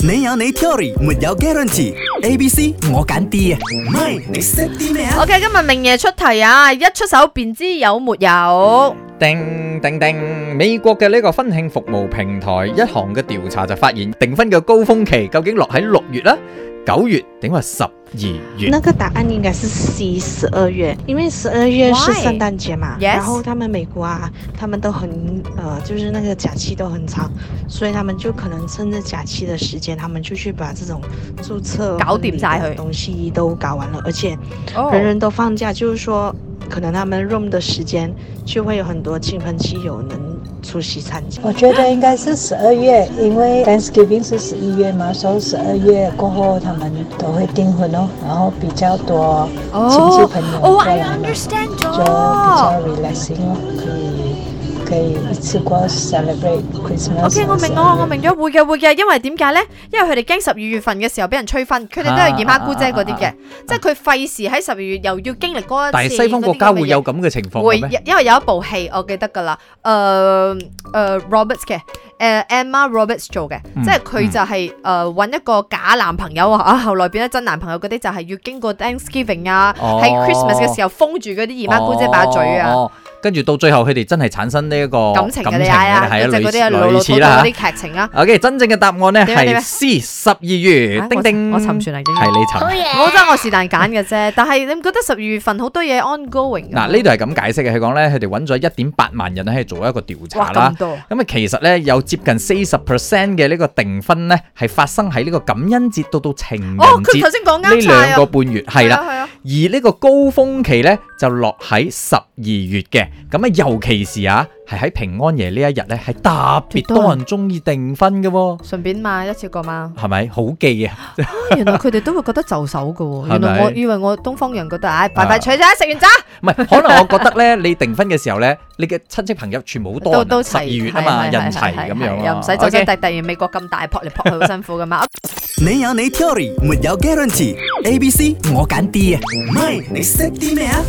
你有你 theory，沒有 guarantee。A、B、C 我揀 D 啊！咪你識啲咩啊？O.K. 今日明夜出題啊，一出手便知有冇有、嗯。叮叮叮，美國嘅呢個婚慶服務平台一項嘅調查就發現，訂婚嘅高峰期究竟落喺六月啦，九月定係十二月？那個答案應該是 C，十二月，因為十二月是聖誕節嘛。Why? Yes? 然後他們美國啊，他們都很，呃，就是那個假期都很長，所以他們就可能趁着假期的時間，他們就去把這種注冊搞掂晒去，東西都搞完了，而且人人都放假，oh。就是說可能他們 room 的時間。就會有很多親朋戚友能出席參加。我覺得應該是十二月，因為 Thanksgiving 是十一月嘛，所以十二月過後他們都會訂婚咯、哦，然後比較多親戚朋友過來，就比較 relaxing 咯、哦，可以可以一次過 celebrate Christmas。OK，我明我月我明咗會嘅會嘅，因為點解咧？因為佢哋驚十二月份嘅時候俾人催婚，佢哋都係姨媽姑，姑姐嗰啲嘅，啊啊啊、即係佢費事喺十二月又要經歷嗰一。但係西方國家會有咁嘅情況咩？會，因為有。一部戲我記得噶啦，誒誒 Roberts 嘅，誒、呃呃、Emma Roberts 做嘅，嗯、即係佢就係誒搵一個假男朋友啊，後來變咗真男朋友嗰啲就係、是、要經過 Thanksgiving 啊，喺、啊、Christmas 嘅時候封住嗰啲姨媽姑姐把嘴啊。啊啊啊跟住到最後，佢哋真係產生呢一個感情嘅嘢啊！即係啊，類似啦吓，啲劇情啦。O K，真正嘅答案咧係 C 十二月。丁丁，我沉船嚟嘅，係你沉。我真我是但揀嘅啫。但係你唔覺得十二月份好多嘢 ongoing？嗱，呢度係咁解釋嘅。佢講咧，佢哋揾咗一點八萬人係做一個調查啦。咁啊，其實咧有接近四十 percent 嘅呢個訂婚咧係發生喺呢個感恩節到到情人節。哦，佢頭先講緊呢兩個半月係啦。而呢個高峰期咧。就落喺十二月嘅，咁啊，尤其是啊，係喺平安夜呢一日咧，係特別多人中意訂婚嘅。順便嘛，一次過嘛，係咪好記啊？原來佢哋都會覺得就手嘅，原來我以為我東方人覺得，唉，快快搶咗，食完咋？唔係，可能我覺得咧，你訂婚嘅時候咧，你嘅親戚朋友全部好多，十二月啊嘛，人齊咁樣啊，又唔使走走趯趯，而美國咁大，撲嚟撲去好辛苦噶嘛。你有你 theory，沒有 guarantee，A B C 我揀 D 啊，MY 你識啲咩啊？